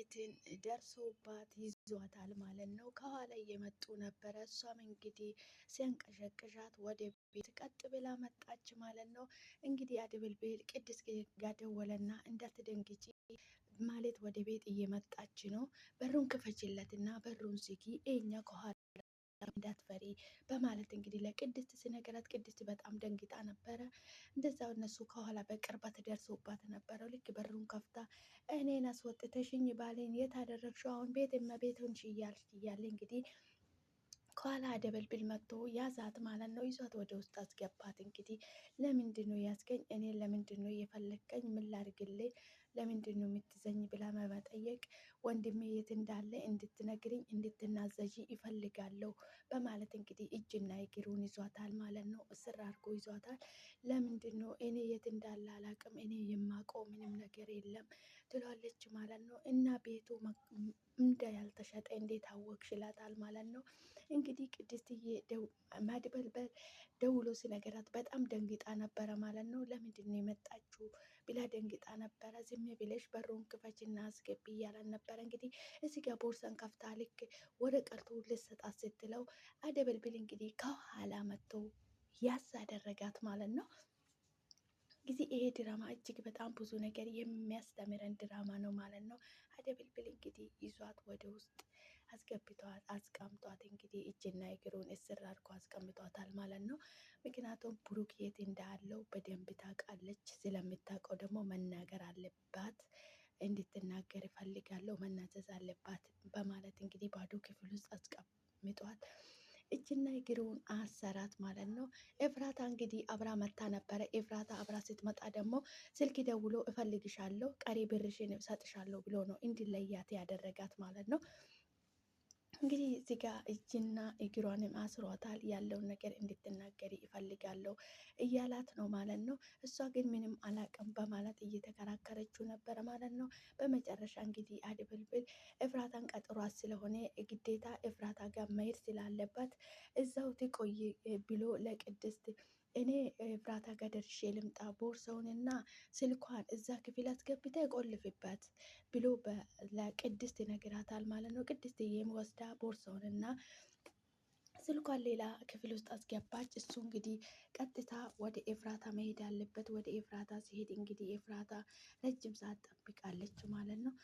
ሉሊትን ደርሶባት ይዟታል ማለት ነው። ከኋላ እየመጡ ነበረ። እሷም እንግዲህ ሲያንቀሸቅሻት ወደ ቤት ቀጥ ብላ መጣች ማለት ነው። እንግዲህ አድብልብል ቅድስት ያደወለና እንዳትደንግጪ ማለት ወደ ቤት እየመጣች ነው። በሩን ክፈችለትና በሩን ዝጊ፣ እኛ ከኋላ እንዳትፈሪ በማለት እንግዲህ ለቅድስት ሲነግራት ቅድስት በጣም ደንግጣ ነበረ። እንደዛው እነሱ ከኋላ በቅርበት ደርሶባት ነበረ። ልክ በሩን ከፍታ እኔን አስወጥተሽኝ ባሌን የት አደረግሽው? አሁን ቤት እመቤት ሆንሽ እያለች እያለ እንግዲህ ከኋላ ደበልብል መጥቶ ያዛት ማለት ነው። ይዟት ወደ ውስጥ አስገባት። እንግዲህ ለምንድን ነው ያስገኝ? እኔ ለምንድን ነው የፈለግከኝ? ምን ላድርግልህ? ለምንድን ነው የምትዘኝ? ብላ በመጠየቅ ወንድሜ የት እንዳለ እንድትነግርኝ እንድትናዘዥ ይፈልጋለሁ በማለት እንግዲህ እጅና እግሩን ይዟታል ማለት ነው። እስር አድርጎ ይዟታል። ለምንድን ነው እኔ የት እንዳለ አላቅም። እኔ የማውቀው ምንም ነገር የለም ትሏለች ማለት ነው። እና ቤቱ እንደ ያልተሸጠ እንዴት አወቅሽ ይላታል ማለት ነው። እንግዲህ ቅድስትዬ ማድበልበል ደውሎ ሲነገራት በጣም ደንግጣ ነበረ ማለት ነው። ለምንድን ነው የመጣችው ብላ ደንግጣ ነበረ። ዝም ብለሽ በሩን እና አስገቢ እያላን ነበረ። እንግዲህ እዚህ ጋር ቦርሳን ከፍታ ልክ ወረቀቱ ልሰጣት ስትለው አደበልብል እንግዲህ ከኋላ መጥቶ ያስ አደረጋት ማለት ነው። ጊዜ ይሄ ድራማ እጅግ በጣም ብዙ ነገር የሚያስተምረን ድራማ ነው ማለት ነው። ብልብል እንግዲህ ይዟት ወደ ውስጥ አስገብቷት አስቀምጧት እንግዲህ እጅና እግሩን እስር አድርጎ አስቀምጧታል ማለት ነው። ምክንያቱም ብሩክ የት እንዳለው በደንብ ታውቃለች። ስለምታውቀው ደግሞ መናገር አለባት እንድትናገር እፈልጋለሁ መናዘዝ አለባት በማለት እንግዲህ ባዶ ክፍል ውስጥ አስቀምጧት እጅና እግሩን አሰራት ማለት ነው። ኤፍራታ እንግዲህ አብራ መታ ነበረ። ኤፍራታ አብራ ስትመጣ ደግሞ ስልክ ደውሎ እፈልግሻለሁ፣ ቀሪ ብርሽን እሰጥሻለሁ ብሎ ነው እንዲለያት ያደረጋት ማለት ነው። እንግዲህ እዚህ ጋር እጅና እግሯንም አስሯታል። ያለውን ነገር እንድትናገሪ ይፈልጋለሁ እያላት ነው ማለት ነው። እሷ ግን ምንም አላቅም በማለት እየተከራከረችው ነበረ ማለት ነው። በመጨረሻ እንግዲህ አድብልብል እፍራታን ቀጥሯት ስለሆነ ግዴታ እፍራታ ጋር መሄድ ስላለባት እዛው ትቆይ ብሎ ለቅድስት እኔ ኤፍራታ ጋር ደርሼ ልምጣ፣ ቦርሳውንና ስልኳን እዛ ክፍል አስገብታ ቆልፍበት ብሎ ለቅድስት ይነግራታል ማለት ነው። ቅድስትዬም ወስዳ ቦርሳውንና ስልኳን ሌላ ክፍል ውስጥ አስገባች። እሱ እንግዲህ ቀጥታ ወደ ኤፍራታ መሄድ አለበት። ወደ ኤፍራታ ሲሄድ እንግዲህ ኤፍራታ ረጅም ሰዓት ጠብቃለች ማለት ነው።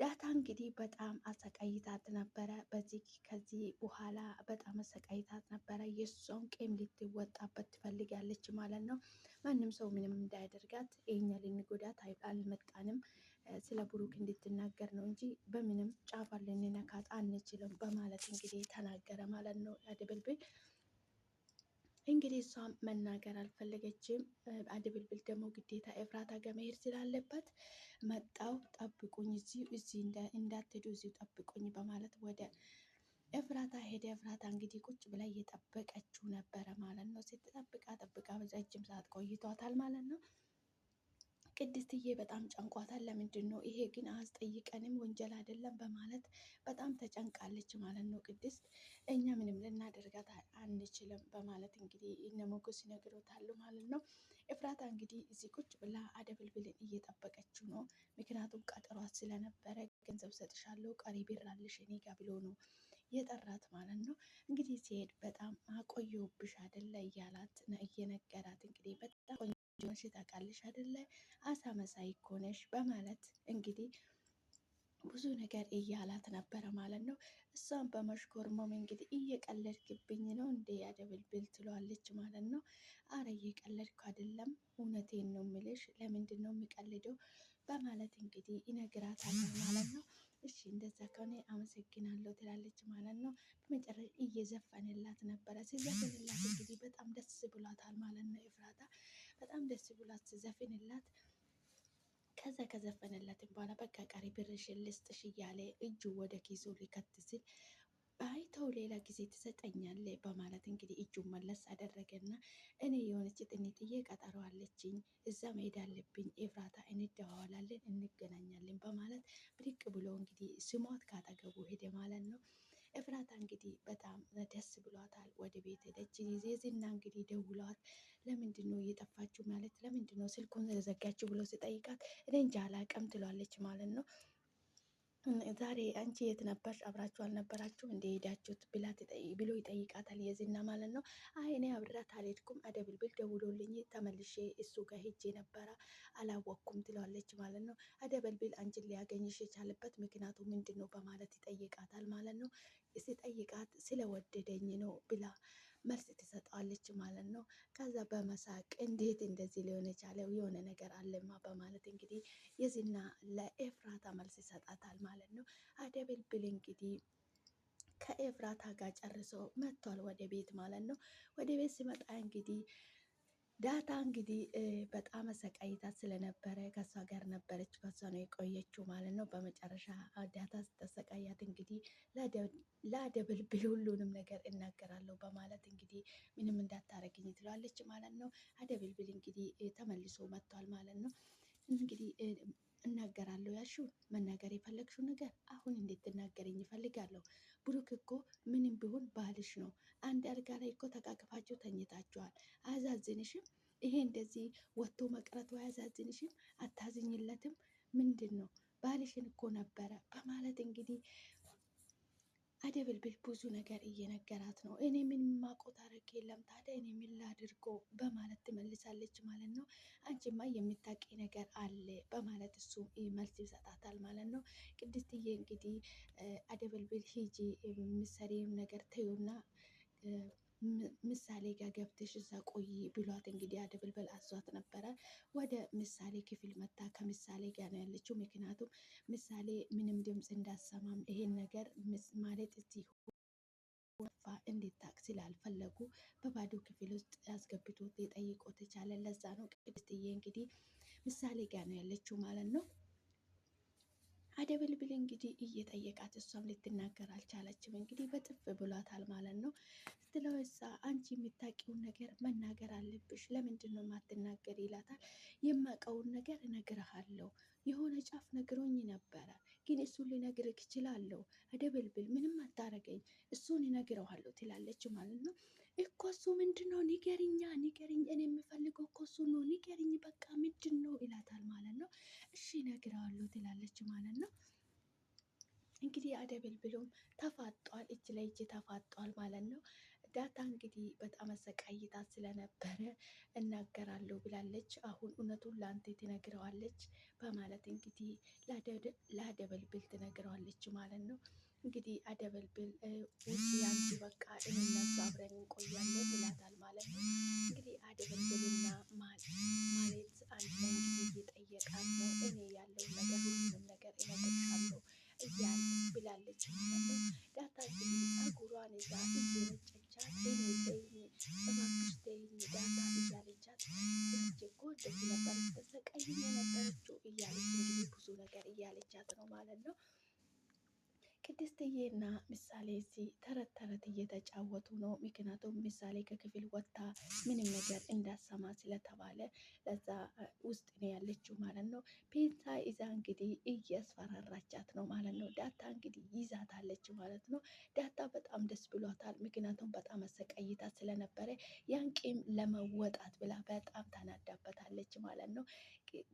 ዳታ እንግዲህ በጣም አሰቃይታት ነበረ። በዚህ ከዚህ በኋላ በጣም አሰቃይታት ነበረ። የእሷን ቂም ልትወጣበት ትፈልጋለች ማለት ነው። ማንም ሰው ምንም እንዳያደርጋት የኛ ልንጎዳት አልመጣንም። ስለ ብሩክ እንድትናገር ነው እንጂ በምንም ጫፋ ልንነካት አንችልም በማለት እንግዲህ ተናገረ ማለት ነው አደበልቤ እንግዲህ እሷም መናገር አልፈለገችም። አድብልብል ደግሞ ግዴታ ኤፍራታ ጋር መሄድ ስላለበት መጣው ጠብቁኝ፣ እዚህ እንዳትሄዱ፣ እዚ ጠብቁኝ በማለት ወደ ኤፍራታ ሄደ። ኤፍራታ እንግዲህ ቁጭ ብላ እየጠበቀችው ነበረ ማለት ነው። ስትጠብቃ ጠብቃ ረጅም ሰዓት ቆይቷታል ማለት ነው። ቅድስትዬ በጣም ጨንቋታል። ለምንድን ነው ይሄ ግን አስጠይቀንም ወንጀል አይደለም በማለት በጣም ተጨንቃለች ማለት ነው። ቅድስት እኛ ምንም ልናደርጋት አንችልም በማለት እንግዲህ እነ ሞገስ ይነግሮታሉ ማለት ነው። እፍራታ እንግዲህ እዚህ ቁጭ ብላ አደብልብልን እየጠበቀችው ነው። ምክንያቱም ቀጠሯት ስለነበረ ገንዘብ ሰጥሻለሁ ቀሪ ብር አለሽ እኔ ጋ ብሎ ነው የጠራት ማለት ነው። እንግዲህ ሲሄድ በጣም አቆየውብሽ አይደለ እያላት እየነገራት እንግዲህ በጣም ጆንሽ ታውቃለሽ አይደለ አሳ መሳይ እኮ ነሽ በማለት እንግዲህ ብዙ ነገር እያላት ነበረ ማለት ነው። እሷን በመሽኮርመም እንግዲህ እየቀለድክብኝ ነው እንዴ ያደብልብል ትሏለች ማለት ነው። አረ እየቀለድኩ አይደለም እውነቴን ነው ምልሽ፣ ለምንድን ነው የሚቀልደው በማለት እንግዲህ ይነግራታል ማለት ነው። እሺ እንደዛ ከሆነ አመሰግናለሁ ትላለች ማለት ነው። በመጨረሻ እየዘፈንላት ነበረ። ሲዘፈንላት እንግዲህ በጣም ደስ ብሏታል ማለት ነው ኤፍራታ በጣም ደስ ብሏት ዘፍንላት። ከዛ ከዘፈነላትን በኋላ በቃ ቀሪ ብርሽን ልስጥሽ እያለ እጁ ወደ ኪሱ ሊከት ሲል አይ ተው ሌላ ጊዜ ትሰጠኛለ በማለት እንግዲህ እጁ መለስ አደረገና እኔ የሆነች ጥንጥዬ ቀጠሮ አለችኝ እዛ መሄድ አለብኝ፣ ኤፍራታ እንደዋወላለን እንገናኛለን በማለት ብድቅ ብሎ እንግዲህ ስሟት ካጠገቡ ሄደ ማለት ነው። እፍራታ እንግዲህ በጣም ደስ ብሏታል። ወደ ቤት ሄደች ጊዜ ዝና እንግዲህ ደውሏት ለምንድን ነው እየጠፋችሁ ማለት ለምንድን ነው ስልኩን ዘጋችሁ ብሎ ሲጠይቃት እኔ እንጃ አላቅም ትሏለች ማለት ነው። ዛሬ አንቺ የት ነበርሽ? አብራችሁ አልነበራችሁ እንደ ሄዳችሁት ብሎ ይጠይቃታል። የዝና ማለት ነው። አይ እኔ አብራት አልሄድኩም፣ አደብልብል ደውሎልኝ ተመልሼ እሱ ጋር ሄጄ ነበረ አላወቅኩም ትለዋለች ማለት ነው። አደብልብል አንቺን ሊያገኝሽ የቻለበት ምክንያቱ ምንድን ነው? በማለት ይጠይቃታል ማለት ነው። ሲጠይቃት ስለወደደኝ ነው ብላ መልስ ትሰጠዋለች ማለት ነው። ከዛ በመሳቅ እንዴት እንደዚህ ሊሆን የቻለው የሆነ ነገር አለማ በማለት እንግዲህ የዚና ለኤፍራታ መልስ ይሰጣታል ማለት ነው። ብል እንግዲህ ከኤፍራታ ጋር ጨርሶ መጥቷል ወደ ቤት ማለት ነው። ወደ ቤት ሲመጣ እንግዲህ ዳታ እንግዲህ በጣም አሰቃይታት ስለነበረ ከእሷ ጋር ነበረች፣ ከእሷ ነው የቆየችው ማለት ነው። በመጨረሻ ዳታ ስታሰቃያት እንግዲህ ለአደብልብል ሁሉንም ነገር እናገራለሁ በማለት እንግዲህ ምንም እንዳታረግኝ ትላለች ማለት ነው። አደብልብል እንግዲህ ተመልሶ መጥቷል ማለት ነው እንግዲህ እናገራለሁ ያሽው መናገር የፈለግሽው ነገር አሁን እንዴት እንድትናገረኝ ይፈልጋለሁ ብሩክ እኮ ምንም ቢሆን ባልሽ ነው። አንድ አልጋ ላይ እኮ ተቃቅፋችሁ ተኝታችኋል። አያዛዝንሽም? ይሄ እንደዚህ ወጥቶ መቅረቱ አያዛዝንሽም? አታዝኝለትም? ምንድን ነው ባልሽን እኮ ነበረ በማለት እንግዲህ አደብልብል ብዙ ነገር እየነገራት ነው። እኔ ምን ማቆ ታረግ የለም ታዲያ እኔ ምን ላድርጎ በማለት ትመልሳለች ማለት ነው። አንቺማ የምታቂ ነገር አለ በማለት እሱ መልስ ይሰጣታል ማለት ነው። ቅድስትዬ እንግዲህ አደብልብል ሂጂ የምትሰሪውን ነገር ተዩና ምሳሌ ጋር ገብተሽ እዛ ቆይ ብሏት እንግዲህ አደብልበል አዟት ነበረ። ወደ ምሳሌ ክፍል መታ ከምሳሌ ጋር ነው ያለችው። ምክንያቱም ምሳሌ ምንም ድምፅ እንዳሰማም ይሄን ነገር ማለት እዚህ ወፋ እንዲታቅ ስላልፈለጉ በባዶ ክፍል ውስጥ አስገብቶ ሊጠይቆ ተቻለ። ለዛ ነው ቅድስትዬ እንግዲህ ምሳሌ ጋር ነው ያለችው ማለት ነው። አደብልብል እንግዲህ እየጠየቃት እሷም ልትናገር አልቻለችም። እንግዲህ በጥፍ ብሏታል ማለት ነው። ስለወዛ አንቺ የምታውቂውን ነገር መናገር አለብሽ፣ ለምንድን ነው የማትናገር ይላታል። የማውቀውን ነገር እነግርሃለሁ። የሆነ ጫፍ ነግሮኝ ነበረ፣ ግን እሱን ልነግርህ እችላለሁ። አደብልብል ምንም አታረገኝ፣ እሱን እነግረዋለሁ ትላለች ማለት ነው። እኮ እሱ ምንድን ነው ንገርኛ፣ ንገርኝ፣ እኔ የምፈልገው እኮ እሱ ነው ንገርኝ፣ በቃ ምንድን ነው ይላታል ማለት ነው። እሺ ነግረዋለሁ ትላለች ማለት ነው። እንግዲህ ብሎም ተፋጧል፣ እጅ ላይ እጅ ተፋጧል ማለት ነው። ዳታ እንግዲህ በጣም አሰቃይታት ስለነበረ እናገራለሁ ብላለች። አሁን እውነቱን ለአንተ ትነግረዋለች በማለት እንግዲህ ብል ትነግረዋለች ማለት ነው። እንግዲህ አደበልብል ውጪ አንቺ በቃ እኔና አብረን እንቆያለን ይላታል ማለት ነው። እንግዲህ አደበልብልና ማለት ማለት አንድ ላይ እንግዲህ እየጠየቃት ነው። እኔ ያለው ነገር ሁሉንም ነገር እነግርሻለሁ እያለ ብላለች ማለት ነው። ዳታ እንግዲህ ጸጉሯን ይዛ እየነጨቻት እኔ ተይኝ እባክሽ ተይኝ ዳታ እያለቻት ያቺ እኮ እንደዚህ ነበር ስትሰቃይኝ የነበረችው እያለች እንግዲህ ብዙ ነገር እያለቻት ነው ማለት ነው። ቅድስትዬና ምሳሌ እዚህ ተረት ተረት እየተጫወቱ ነው። ምክንያቱም ምሳሌ ከክፍል ወጥታ ምንም ነገር እንዳሰማ ስለተባለ ለዛ ውስጥ ነው ያለችው ማለት ነው። ፔንሳ ይዛ እንግዲህ እያስፈራራቻት ነው ማለት ነው። ዳታ እንግዲህ ይዛታለች ማለት ነው። ዳታ በጣም ደስ ብሏታል። ምክንያቱም በጣም አሰቃይታት ስለነበረ ያን ቂም ለመወጣት ብላ በጣም ተናዳበታለች ማለት ነው።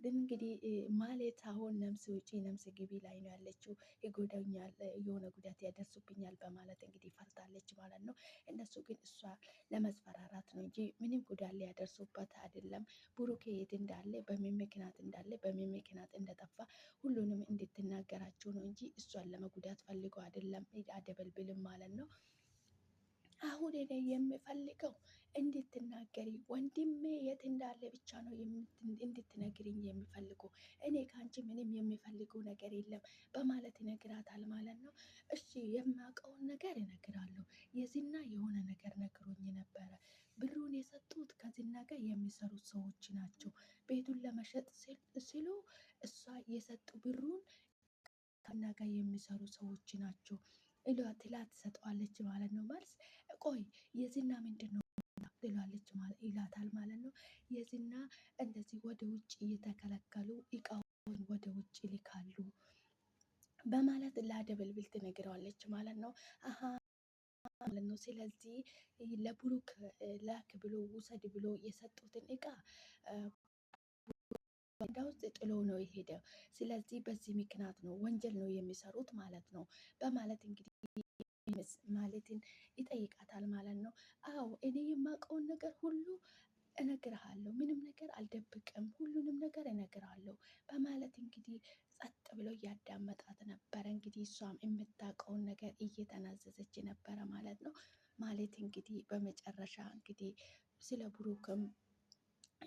እንግዲህ ማለት አሁን ነፍስ ውጪ ነፍስ ግቢ ላይ ነው ያለችው። ይጎዳኛል፣ የሆነ ጉዳት ያደርሱብኛል በማለት እንግዲህ ፈርታለች ማለት ነው። እነሱ ግን እሷ ለመስፈራራት ነው እንጂ ምንም ጉዳት ሊያደርሱበት አይደለም። ብሩኬ የት እንዳለ በምን ምክንያት እንዳለ በምን ምክንያት እንደጠፋ ሁሉንም እንድትናገራቸው ነው እንጂ እሷን ለመጉዳት ፈልጎ አይደለም። አደበልብልም ማለት ነው። አሁን እኔ የምፈልገው እንድትናገሪ ወንድሜ የት እንዳለ ብቻ ነው እንድትነግርኝ የምፈልገው። እኔ ከአንቺ ምንም የሚፈልገው ነገር የለም በማለት ይነግራታል ማለት ነው። እሺ የማውቀውን ነገር እነግራለሁ። የዝና የሆነ ነገር ነግሮኝ ነበረ። ብሩን የሰጡት ከዝና ጋር የሚሰሩት ሰዎች ናቸው። ቤቱን ለመሸጥ ሲሉ እሷ የሰጡ ብሩን ከዝና ጋር የሚሰሩ ሰዎች ናቸው። እሏ ትላት ትሰጠዋለች ማለት ነው መልስ ቆይ የዝና ምንድን ነው ብላለች ይላታል ማለት ነው። የዝና እንደዚህ ወደ ውጭ እየተከለከሉ እቃውን ወደ ውጭ ይልካሉ በማለት ለአደበልብል ትነግረዋለች ማለት ነው። አሀ ማለት ነው። ስለዚህ ለብሩክ ላክ ብሎ ውሰድ ብሎ የሰጡትን እቃ ውስጥ ጥሎ ነው የሄደው። ስለዚህ በዚህ ምክንያት ነው ወንጀል ነው የሚሰሩት ማለት ነው በማለት እንግዲህ ማለትን ይጠይቃታል ማለት ነው። አዎ እኔ የማውቀውን ነገር ሁሉ እነግርሃለሁ ምንም ነገር አልደብቅም ሁሉንም ነገር እነግርሃለሁ በማለት እንግዲህ ጸጥ ብሎ እያዳመጣት ነበረ። እንግዲህ እሷም የምታውቀውን ነገር እየተናዘዘች ነበረ ማለት ነው። ማለት እንግዲህ በመጨረሻ እንግዲህ ስለ ብሩክም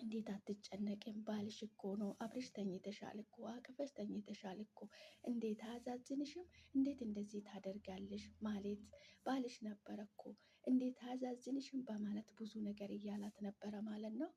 እንዴት አትጨነቅም? ባልሽ እኮ ነው። አብረሽ ተኝተሻል እኮ አቅፈሽ ተኝተሻል እኮ እንዴት አያዛዝንሽም? እንዴት እንደዚህ ታደርጋለሽ? ማለት ባልሽ ነበረ እኮ እንዴት አያዛዝንሽም? በማለት ብዙ ነገር እያላት ነበረ ማለት ነው።